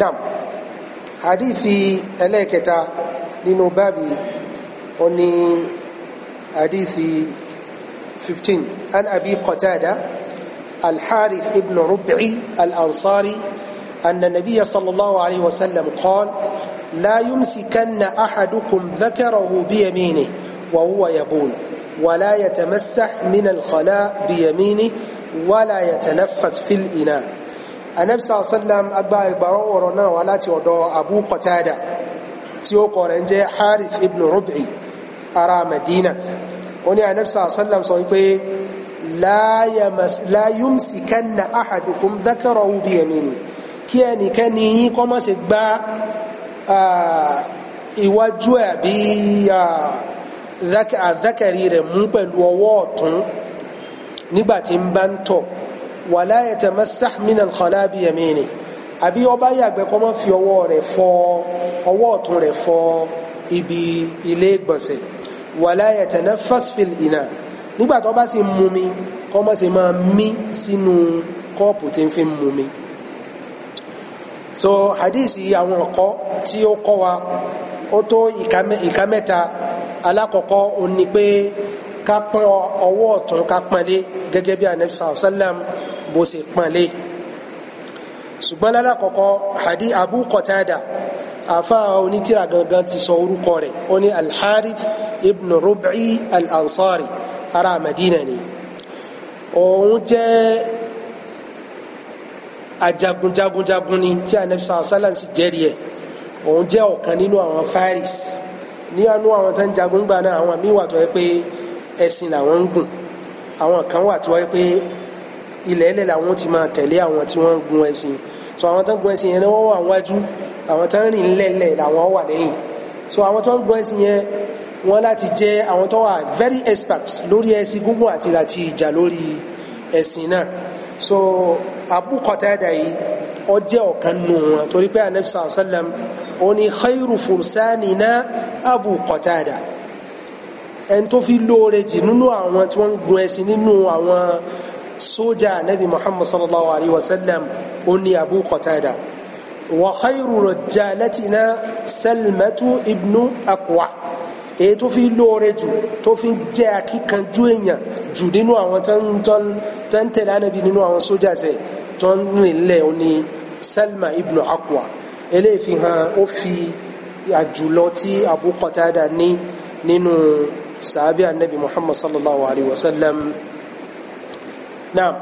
nam hadithi ẹlẹ́ẹ̀kẹta nínú báàbí ó ní àdífi 15 an abi qatada الحارث ابن ربعي الأنصاري أن النبي صلى الله عليه وسلم قال لا يمسكن أحدكم ذكره بيمينه وهو يبول ولا يتمسح من الخلاء بيمينه ولا يتنفس في الإناء النبي صلى الله عليه وسلم أبا إبراء ورنا ولا تودو أبو قتادة tí ó kọ rẹ̀ ń jẹ́ harith ibn rubi ara madina ó ní anabisa sallam sọ wípé la yumsikanna ahadukum dhakarahu bi yamini kí ẹnikẹ́ni yín kó má ṣe gbá iwájú ẹ̀ àbí àdákàrí rẹ̀ mú pẹ̀lú ọwọ́ ọ̀tún nígbà ń bá ń tọ̀ wala yatamassahu min al-khala bi yamini àbí ọba yàgbẹ́ kó má fi ọwọ́ rẹ̀ fọ ọwọ́ ọ̀tún rẹ̀ fọ ibi ilé gbọ̀nsẹ̀ wala yatanaffas fil ina nígbà tó bá sì mú mi kó má ṣe máa mí sínú kọ́ọ̀pù tí ń fi mú so hadith yìí àwọn ọ̀kọ́ tí ó kọ́ wa ó tó ìka mẹ́ta alákọ̀ọ́kọ́ ó ní pé ká pọ́n ọwọ́ ọ̀tún ká pọ́nlé gẹ́gẹ́ bí anabi sallam bó ṣe pọ́nlé ṣùgbọ́n lálàkọ́kọ́ hadi abu qatada afa onítìrà gangan ti sọ orúkọ rẹ̀ ó ní alharith ibn rub'i al-ansari ará madina ni òun jẹ́ ajagunjagunjagun ni tí anabi sàlá sàlám sì jẹ́rì ẹ̀ òun jẹ́ ọ̀kan nínú àwọn faris ní anú àwọn tó ń jagun gbà náà àwọn míì wà tó yẹ pé ẹ̀sìn làwọn ń gùn àwọn kan wà tó yẹ pé ilẹ̀ ẹlẹ́ làwọn ti máa tẹ̀lé àwọn tí wọ́n ń gun ẹ̀sìn so àwọn tó ń gun ẹṣin yẹn ni wọ́n wà wájú àwọn tó ń rìn lẹ́lẹ̀ làwọn wà lẹ́yìn so àwọn tó ń gun ẹṣin yẹn wọ́n láti jẹ́ àwọn tó wà very expert lórí ẹṣin gúngùn àti láti ìjà lórí ẹṣin náà so Abu Qatada yìí ó jẹ́ ọ̀kan nù wọn torí pé anabi sallallahu alayhi sallam ó ní khayru fursanina Abu Qatada ẹni tó fi lóore jù nínú àwọn tí wọ́n ń gun ẹṣin nínú àwọn sójà nabi muhammad sallallahu alayhi wa sallam ó ní abu qatada wa khayru rajalatina salmatu ibnu akwa èyí tó fi lóore jù tó fi jẹ́ akíkanjú èèyàn jù nínú àwọn tó ń tẹ̀lé ànábì nínú àwọn sójà tẹ̀ tó ń rìn lẹ̀ ó salma ibnu akwa eléyìí fi hàn ó fi àjùlọ tí abu qatada ní nínú sàábì ànábì muhammad sallallahu alayhi wa نعم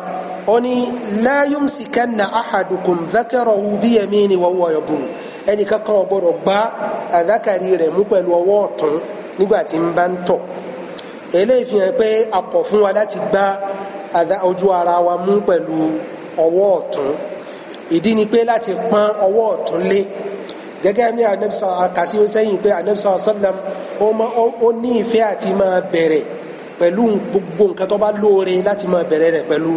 أني لا يمسكن أحدكم ذكره بيمينه وهو يبول ẹnì kankan ò gbọdọ̀ gbá àdákàrí rẹ̀ mú pẹ̀lú ọwọ́ ọ̀tún nígbà tí ń bá ń tọ̀ eléyìí fi hàn pé a kọ̀ fún wa láti gbá ojú ara wa mú pẹ̀lú ọwọ́ ọ̀tún ìdí ni pé láti pọ́n ọwọ́ ọ̀tún lé gẹ́gẹ́ bí anabisa akasi ó sẹ́yìn pé anabisa sallam ó ní ìfẹ́ àti máa bẹ̀rẹ̀ pẹ̀lú gbogbo nǹkan tó bá lóore láti máa bẹ̀rẹ̀ rẹ̀ pẹ̀lú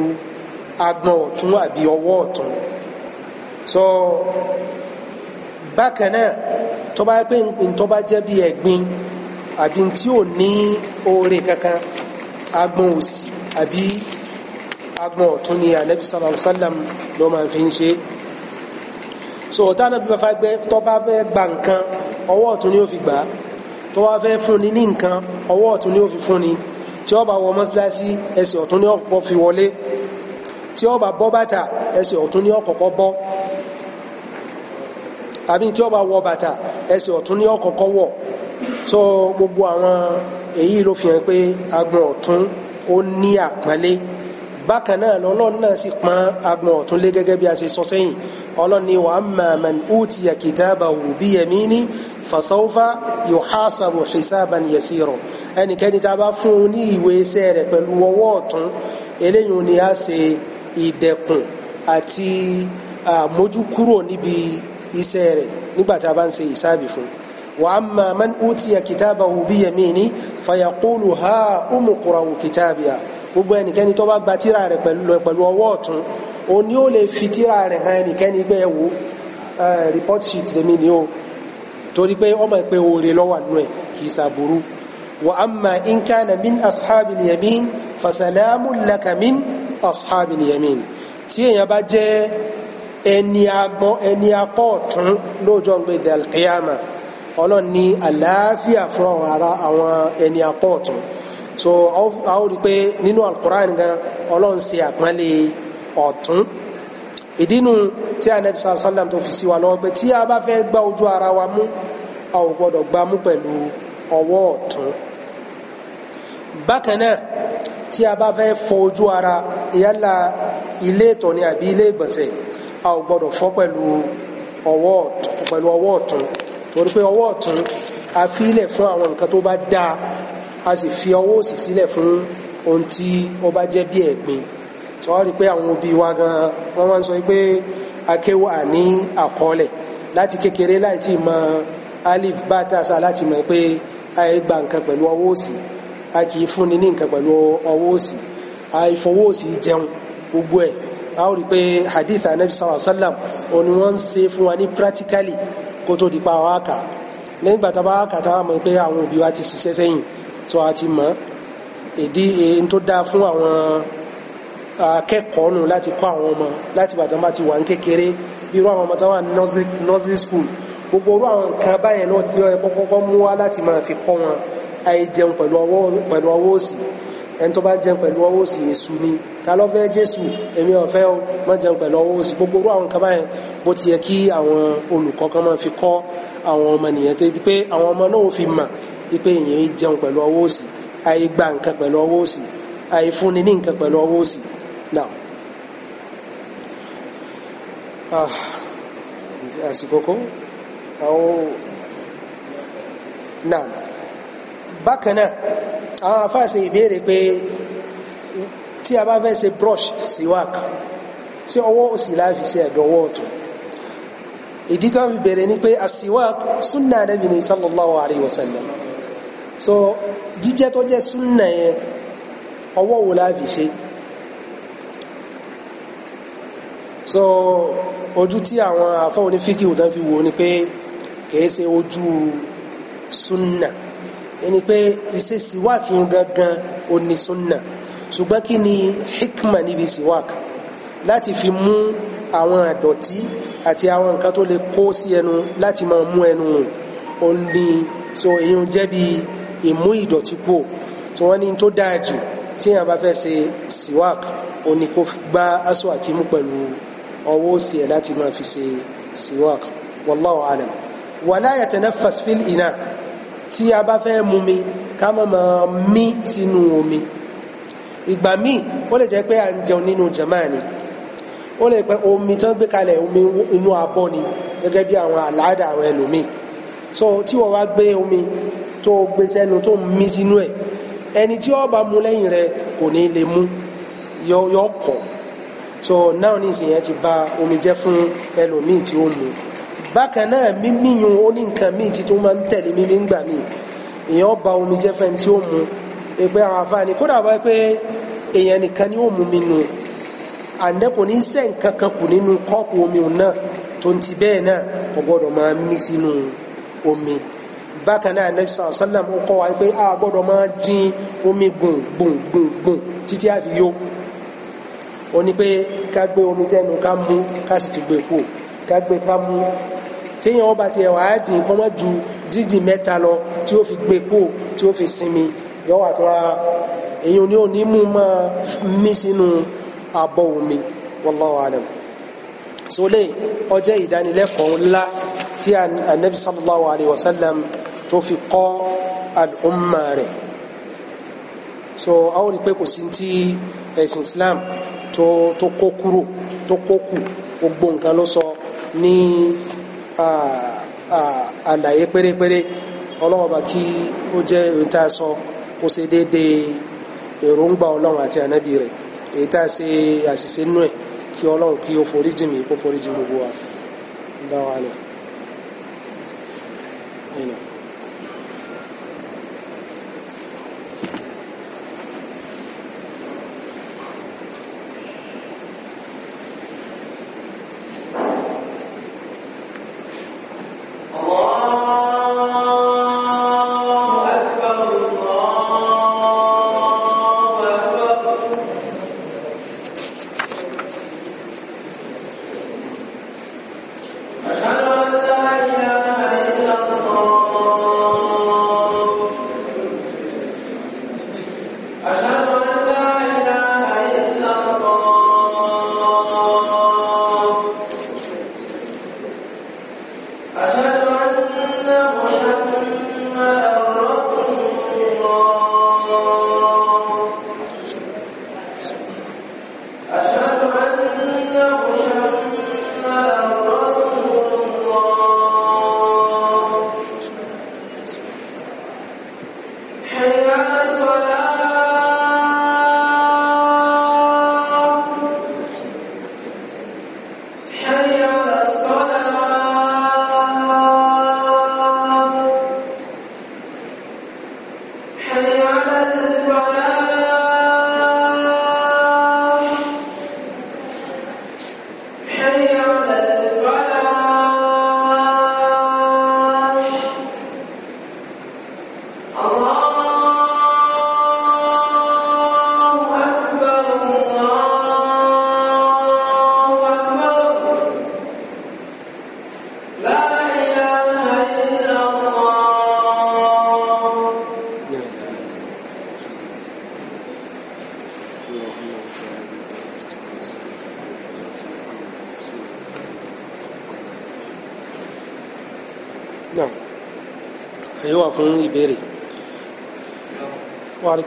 agbọ̀n ọ̀tún àbí ọwọ́ ọ̀tún so bákan náà tó bá pé tó bá jẹ́ bí ẹ̀gbin àbí tí ò ní oore kankan agbọ̀n òsì àbí agbọ̀n ọ̀tún ni anabi sallallahu alayhi wa sallam ló máa fi ń ṣe so tá anabi bá fẹ́ tó bá fẹ́ gba nǹkan ọwọ́ ọ̀tún ni ó fi gbà á tó bá fẹ́ fún ni ní nǹkan ọwọ́ ọ̀tún ni ó fi fún ni tí ó bá wọ mọ́sálásí ẹsẹ̀ ọ̀tún ni ó kọ́kọ́ fi wọlé tí ó bá bọ́ bàtà ẹsẹ̀ ọ̀tún ni ó bọ́ àbí tí ó wọ bàtà ẹsẹ̀ ọ̀tún ni ó wọ̀ so gbogbo àwọn èyí ló fi hàn pé agbọ̀n ọ̀tún ó ní àpọ́nlé bákan náà lọ́lọ́run náà sì pọ́n agbọ̀n ọ̀tún lé gẹ́gẹ́ bí a ṣe sọ sẹ́yìn ọlọ́run ni wàá màmán utiya kitabahu biyamini fasawfa yuhasabu hisaban yasiro ẹnikẹ́ni tá a bá fún un ní ìwé iṣẹ́ rẹ̀ pẹ̀lú ọwọ́ ọ̀tún eléyìí ni a ṣe ìdẹ̀kùn àti àmójúkúrò níbi iṣẹ́ rẹ̀ nígbà tá a bá ń ṣe ìsáàbì fún un. وأما من أوتي كتابه بيمينه فيقول ها أمقرأ كتابيا gbogbo ẹnikẹ́ni tó bá gba tírà rẹ̀ pẹ̀lú ọwọ́ ọ̀tún o ní ó lè fi tírà rẹ̀ hàn ẹnikẹ́ni pé ẹ wo report sheet lèmi ni o torí pé ọmọ ìpè oore lọ́wọ́ nù kì í ṣàbùrú وأما إن كان من أصحاب اليمين فسلام لك من أصحاب اليمين تي èèyàn bá jẹ́ ẹni agbọn ẹni apọ ọ̀tún lọ́jọ́ gbẹdẹ alqiyama Ọlọ́run ní àlàáfíà fún àwọn ará àwọn so a ó rí i pé nínú alukur'an gan Ọlọ́run ṣe àpọ́nlé ọ̀tún ìdínú tí anabi sallam tó fi sí wa lọ́wọ́ pé tí a bá fẹ́ gba ojú ara wa mú a ò gbọ́dọ̀ gbá mú pẹ̀lú ọwọ́ bákan náà tí a bá fẹ́ fọ ojú ara yálà ilé ìtọ̀ ni àbí ilé ìgbọ̀nsẹ̀ a ò gbọ́dọ̀ fọ pẹ̀lú ọwọ́ pẹ̀lú ọwọ́ ọ̀tún torí pé ọwọ́ ọ̀tún a fi ilẹ̀ fún àwọn nǹkan tó bá dáa a sì fi ọwọ́ òsì sílẹ̀ fún ohun tí ó bá jẹ́ bí ẹ̀gbin tí pé àwọn òbí wa gan wọ́n máa ń sọ pé akéwà ní àkọọ́lẹ̀ láti kékeré láì tí mọ alif bá tàṣà láti mọ̀ pé àìgbà nǹkan pẹ̀lú ọwọ́ òsì a kì í fúnni ní nǹkan pẹ̀lú ọwọ́ òsì àìfọwọ́ òsì jẹun gbogbo ẹ̀ a ó rí i pé hadith anabi sallallahu alayhi wa sallam òun ni wọ́n ń ṣe fún wa ní practically kó tó di pa àwọn àkà lẹ́yìn gbàtà bá àkà tá a mọ̀ pé àwọn òbí wa ti ṣiṣẹ́ sẹ́yìn tó a ti mọ̀ èdè èyí tó dáa fún àwọn akẹ́kọ̀ọ́ nù láti kọ́ àwọn ọmọ láti bàtà bá ti wà ní kékeré irú àwọn ọmọ tó wà ní nursery school gbogbo irú àwọn nǹkan báyẹn náà ti yọ ẹ kọ́kọ́ mú wá láti máa fi kọ́ wọn àìjẹun pẹ̀lú ọwọ́ pẹ̀lú ọwọ́ òsì ẹni tó bá jẹun pẹ̀lú ọwọ́ òsì èṣù ni ta ló fẹ́ jésù èmi ọ̀fẹ́ o má jẹun pẹ̀lú ọwọ́ òsì gbogbo orú àwọn kaba yẹn bó ti yẹ kí àwọn olùkọ́ kan máa fi kọ́ àwọn ọmọ nìyẹn tó pé àwọn ọmọ náà fi mà pé èèyàn jẹun pẹ̀lú ọwọ́ òsì àyè gba nǹkan pẹ̀lú ọwọ́ òsì àyè fúnni ní nǹkan pẹ̀lú ọwọ́ òsì náà bákan náà àwọn afáàṣe ìbéèrè pé tí a bá fẹ́ ṣe brush siwak sí ọwọ́ òsì láàfi ṣe ẹ̀dọ̀wọ́ ọ̀tún ìdí tó fi bẹ̀rẹ̀ ni pé asiwak sunna anabi ni sallallahu alayhi wa sallam so jíjẹ tó jẹ sunna yẹn ọwọ́ wo láàfi ṣe so ojú tí àwọn afọ́ onífíkì ò tán fi wò ni pé kìí ṣe ojú sunna ẹni pé ìṣe siwak yìí gangan ò ní sunna ṣùgbọ́n kí ni hikma níbi siwak láti fi mú àwọn àdọ̀tí àti àwọn nǹkan tó lè kó sí ẹnu láti máa mú ẹnu ò ní so ìyún jẹ́ bí ìmú ìdọ̀tí kù tí wọ́n ní tó dáa jù tí èèyàn bá fẹ́ ṣe siwak ò ní kó gba aṣọ àkímú pẹ̀lú ọwọ́ òsì ẹ̀ láti máa fi ṣe siwak wallahu alam wala yatanaffas fil ina' tí a bá fẹ́ mu mi ká má ma mí sínú omi ìgbà míì ó lè jẹ́ pé à ń jẹun nínú jamaa ni ó lè pẹ́ omi tán gbé kalẹ̀ omi inú abọ́ ni gẹ́gẹ́ bí àwọn àláàdà àwọn ẹlòmíì so tí wọ́n wá gbé omi tó gbé sẹ́nu tó mí sínú ẹ̀ ẹni tí ó mu lẹ́yìn rẹ̀ kò ní lè mu yọ kọ̀ so náà nísìnyẹn ti bà omi jẹ́ fún ẹlòmíì tí ó mu bákan náà mímí yun ó ní nǹkan míì tí tó máa ń tẹ̀lé mímí ń gbà mí èèyàn ba omi jẹ́ fẹ́ni tí ó mu ẹgbẹ́ àwọn afáàní kódà wáyé pé èèyàn nìkan ni ó mu mi nu àǹdẹ́ kò ní sẹ́ nǹkan kan kù nínú kọ́ọ̀pù omi òun náà tó ń ti bẹ́ẹ̀ náà kò gbọ́dọ̀ máa mí sínú omi bákan náà anabi sàlọ sàlám ó kọ́ wa pé a gbọ́dọ̀ máa dín omi gùn gùn gùn gùn títí àfi yó ó ní pé ká gbé omi sẹ́nu ká mú ká sì ti gbé kú ká gbé ká mú téèyàn ọba tiẹ̀ wà á dín kọ́ mọ́ ju dídì mẹ́ta lọ tí ó fi gbé kó tí ó fi sinmi yọ wà tó ra èyàn ni ò ní mú máa mí sínú abọ́ omi wallahu alam ọjẹ́ ìdánilẹ́kọ̀ọ́ ńlá tí anabi sallallahu alayhi wa sallam tó fi kọ́ al'umma rẹ̀ so àwọn rí pé kò sí ti ẹ̀sìn islam tó kó kúrò tó kó kù gbogbo nǹkan ló sọ ní àlàyé pérépéré ọlọ́wọ́n bá kí ó jẹ́ ohun tá a sọ kó ṣe déédéé èròǹgbà ọlọ́run àti ànábì rẹ̀ èyí tá a ṣe àṣìṣe nú ẹ̀ kí ọlọ́run kí ó foríjì mí kó foríjì gbogbo wa dáwọ́ alẹ́. أشهد أن محمد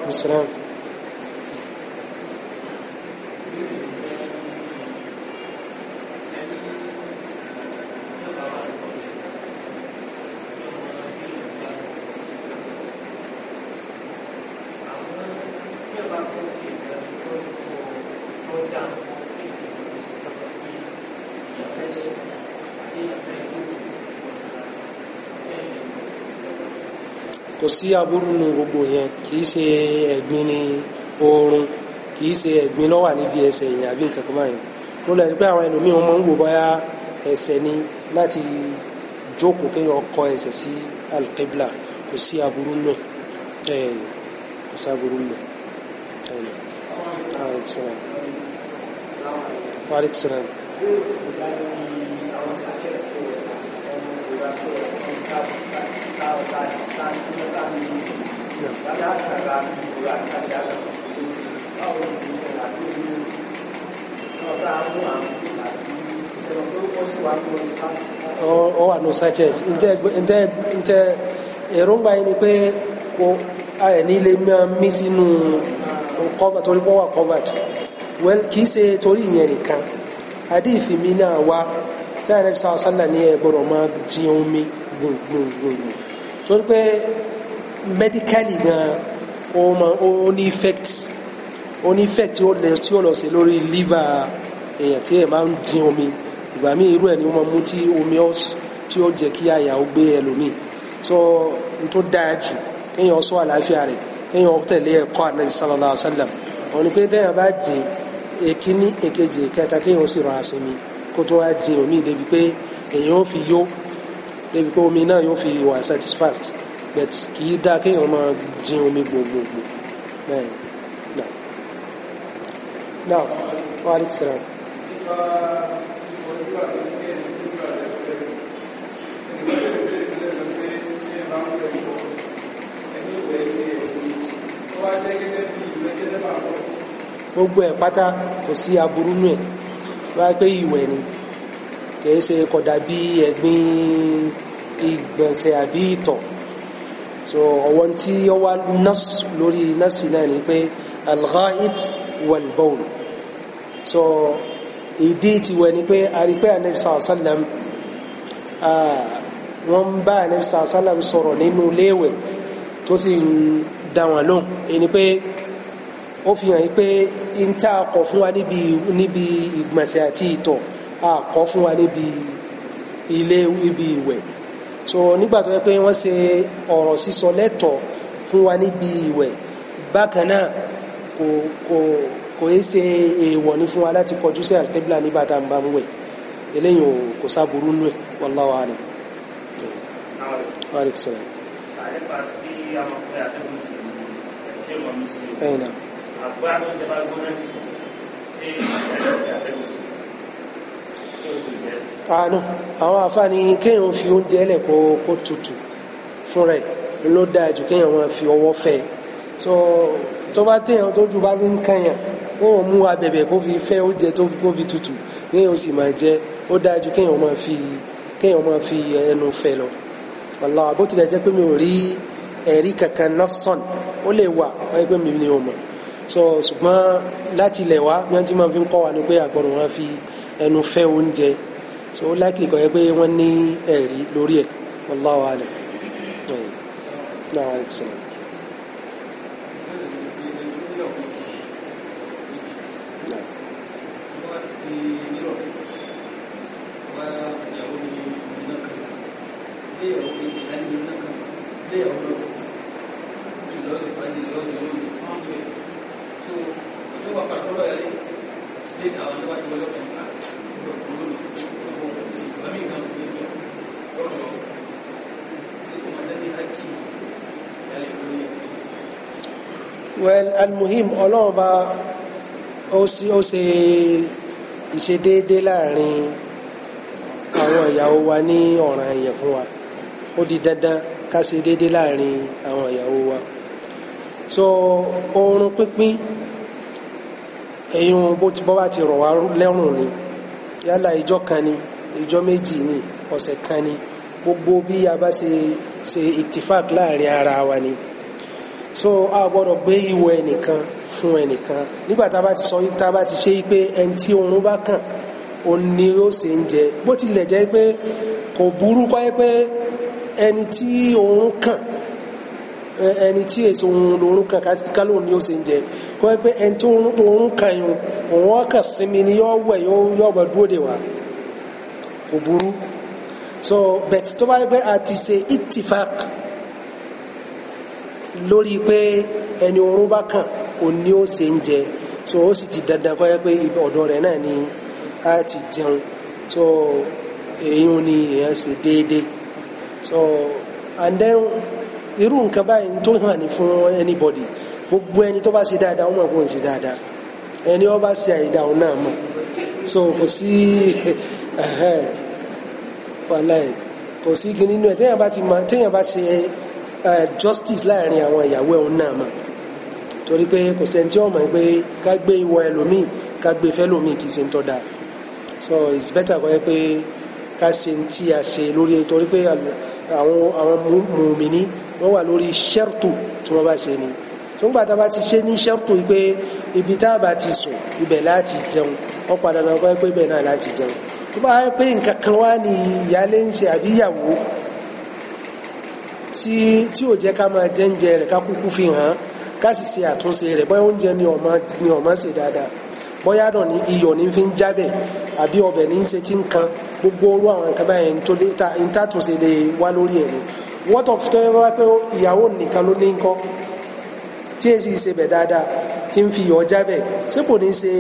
والسلام kò sí aburú nu gbogbo yẹn kì í ṣe ẹ̀gbin ní oorun kì í ṣe ẹ̀gbin ló wà níbi ẹsẹ̀ yẹn àbí nǹkan kan báyìí mo lè rí pé àwọn ẹlòmíì wọn máa ń wò báyà ẹsẹ̀ ni láti jókòó kéèyàn kọ ẹsẹ̀ sí alqibla kò sí aburú nù ẹ̀ kò sí aburú nù ẹ̀ wa aleykum ọ wà ní sachet ntẹ èròngbà yìí ni pé máa mí sínú torí kì í ṣe torí ìyẹn nìkan torí pé medically gan ó ní effect ó ní effect tí ó lè lọ sí lórí liver èèyàn tí èèyàn máa ń dín omi ìgbà míì irú ẹ̀ ni wọ́n mú tí omi tí ó jẹ́ kí àyà ó gbé ẹlòmíì so n tó dáa jù kéèyàn ṣọ́ àlàáfíà rẹ̀ kéèyàn tẹ̀lé ẹ̀kọ́ ànábi sallallahu alaihi wasallam òun ni pé téèyàn bá dín èkíní èkejì ìkẹta kéèyàn sì rọra sinmi kó tó wá dín omi débi pé èèyàn fi yó débi pé omi náà yóò fi wà satisfied but kì í dáa kéèyàn máa jin omi gbogbogbò bẹ́ẹ̀ náà náà wà á lè tẹ̀sán. gbogbo ẹ̀ pátá kò sí aburú nù ẹ̀ wá pé ìwẹ̀ ni kì í ṣe kódà bí ẹ̀gbin. E ìgbọ̀nsẹ̀ àbí ìtọ̀ so ọ̀wọ́n tí ó wá nas lórí nasi náà ni pé alghait walbaul so ìdí tiwẹ̀ ni pé a rí pé anabi sallam wọ́n bá anabi sallam sọ̀rọ̀ nínú léèwẹ̀ tó sì ń dá wọn lóhùn ẹni pé ó fi hàn yí pé n tá a fún wa níbi níbi ìgbọ̀nsẹ̀ àti ìtọ̀ a kọ̀ fún wa níbi ilé ibi ìwẹ̀ so nígbà tó yẹ pé wọ́n ṣe ọ̀rọ̀ sísọ lẹ́tọ̀ fún wa níbi ìwẹ̀ bákan náà kò kò kò yẹ ṣe èèwọ̀ ní fún wa láti kọjú sí àlùkẹ́bílà nígbà tá à ń wẹ̀ eléyìí kò sábúrú nù ẹ̀ wallahu alim. Aleykum salaam. Ẹyin náà àánú àwọn àfáàní kéèyàn fi oúnjẹ lẹ̀ kó kó tutù fúnra ẹ̀ ló dáa jù kéèyàn máa fi ọwọ́ fẹ́ tó tó téèyàn tó ju bá ti ń kànyàn ó mú abẹ̀bẹ̀ kó fi fẹ́ oúnjẹ tó kó fi tutù kéèyàn sì máa jẹ ó dáa jù kéèyàn máa fi kéèyàn máa fi ẹnu fẹ́ lọ wàlá bó tilẹ̀ jẹ́ pé mi ò rí ẹ̀rí kankan násán ó lè wà wáyé pé mi ni ò mọ̀ so ṣùgbọ́n láti ilẹ̀ wá bí wọ́n ti máa fi ń kọ́ wa ni pé àgbọ̀rọ̀ wọn fi ẹnu fẹ́ oúnjẹ so ó láìkìlì kan yẹ pé wọ́n ní ẹ̀rí lórí ẹ̀ wallahu alam náà alex sọ̀rọ̀. well almuhim ọlọ́run bá ó ṣe ìṣedéédé láàrin àwọn ìyàwó wa ní ọ̀ràn ẹ̀yẹ̀ fún wa ó di dandan ká ṣe déédéé láàrin àwọn ìyàwó wa so oorun pínpín ẹ̀yin bó ti bọ́ bá ti rọ̀ wá lẹ́rùn ni yálà ìjọ kan ni ìjọ méjì ni ọ̀sẹ̀ kan ni gbogbo bí a bá ṣe ṣe ìtìfàk láàrin ara wa ni so a gbọ́dọ̀ gbé ìwọ̀ ẹnìkan fún ẹnìkan nígbà tá a bá ti sọ tá a bá ti ṣe pé ẹni tí oorun bá kàn ó ní ó sì ń jẹ bó tilẹ̀ jẹ́ pé kò burú kọ́ ẹ pé ẹni tí oorun kàn ẹni tí èso òun lòórùn kan kálò ní ó ṣe ń jẹ kọ́ ẹ pé ẹni tó òórùn kan yìí òun ọkàn sinmi ni yọ wẹ̀ yọ wẹ̀ dúró de wa kò burú so bẹ̀tì tó bá yẹ pé a ti ṣe itifak lórí pé ẹni orun bá kàn ò ní ó ṣe ń jẹ so ó sì ti dandan kọ́ yẹ pé ọ̀dọ̀ rẹ̀ náà ni a ti jẹun so èyí ni èèyàn ṣe déédéé so and then irú nǹkan báyìí tó hàn ní fún anybody gbogbo ẹni tó bá ṣe dáadáa wọn kò ń ṣe dáadáa ẹni ó bá ṣe àìdá òun náà mọ̀ so kò sí wàhálà kò sí kí nínú ẹ téèyàn bá ti mọ téèyàn bá ṣe justice láàrin àwọn ìyàwó ẹ̀hún náà mà torí pé kò sẹ́ni tí ó mọ̀ pé ká gbé ìwọ ẹlòmíì ká gbé fẹ́lòmíì kì í ṣe ń tọ́ so it's better kọ́ yẹ pé ká ṣe ń tí a ṣe lórí torí pé àwọn àwọn mùmíní wọ́n wà lórí ṣẹ́rùtù tí wọ́n bá ṣe ni tó ń gbàtà bá ti ṣe ní ṣẹ́rùtù pé ibi tá a bá ti sùn ibẹ̀ láti jẹun wọ́n padà náà kọ́ yẹ pé ibẹ̀ náà láti jẹun tó bá pé nǹkan kan wá ní ìyálé ń ṣe àbí ìyàwó tí tí ò jẹ́ ká máa jẹ oúnjẹ rẹ̀ ká kúkú fi hàn án ká sì ṣe àtúnṣe rẹ̀ bóyá oúnjẹ ni ọ̀mọ́ ni ọ̀mọ́ ṣe dáadáa bóyá dàn ní iyọ̀ ní fi ń jábẹ̀ àbí ọbẹ̀ ní í ṣe tí ń kan gbogbo orú àwọn nǹkan báyẹn ń tó lé ta ń tàtúnṣe lè wá lórí ẹ̀ ni wọ́n tọ̀ tó yẹ wá pé ìyàwó nìkan ló ní nǹkan tí èsì ìṣebẹ̀ dáadáa tí ń fi iyọ̀ jábẹ̀ ṣé kò ní ṣe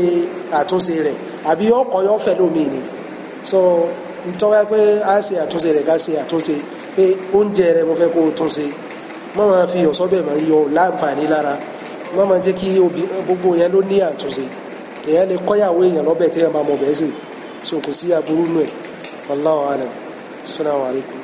àtúnṣe rẹ̀ àbí ọkọ̀ yọ̀ fẹ́ lómi ni so ń tọ́wọ́ pé a ṣe àtúnṣe rẹ̀ ká ṣe àtúnṣe pé oúnjẹ rẹ mo fẹ́ kó o tún ṣe má máa fi ọ̀sọ́ bẹ̀ máa yọ láǹfààní lára má máa jẹ́ kí gbogbo yẹn ló ní àtúnṣe èèyàn lè kọ́yàwó èèyàn lọ́bẹ̀ téèyàn bá mọ̀ bẹ́ẹ̀ sè so kò sí aburú nù ẹ̀ wallahu alam assalamu alaikum.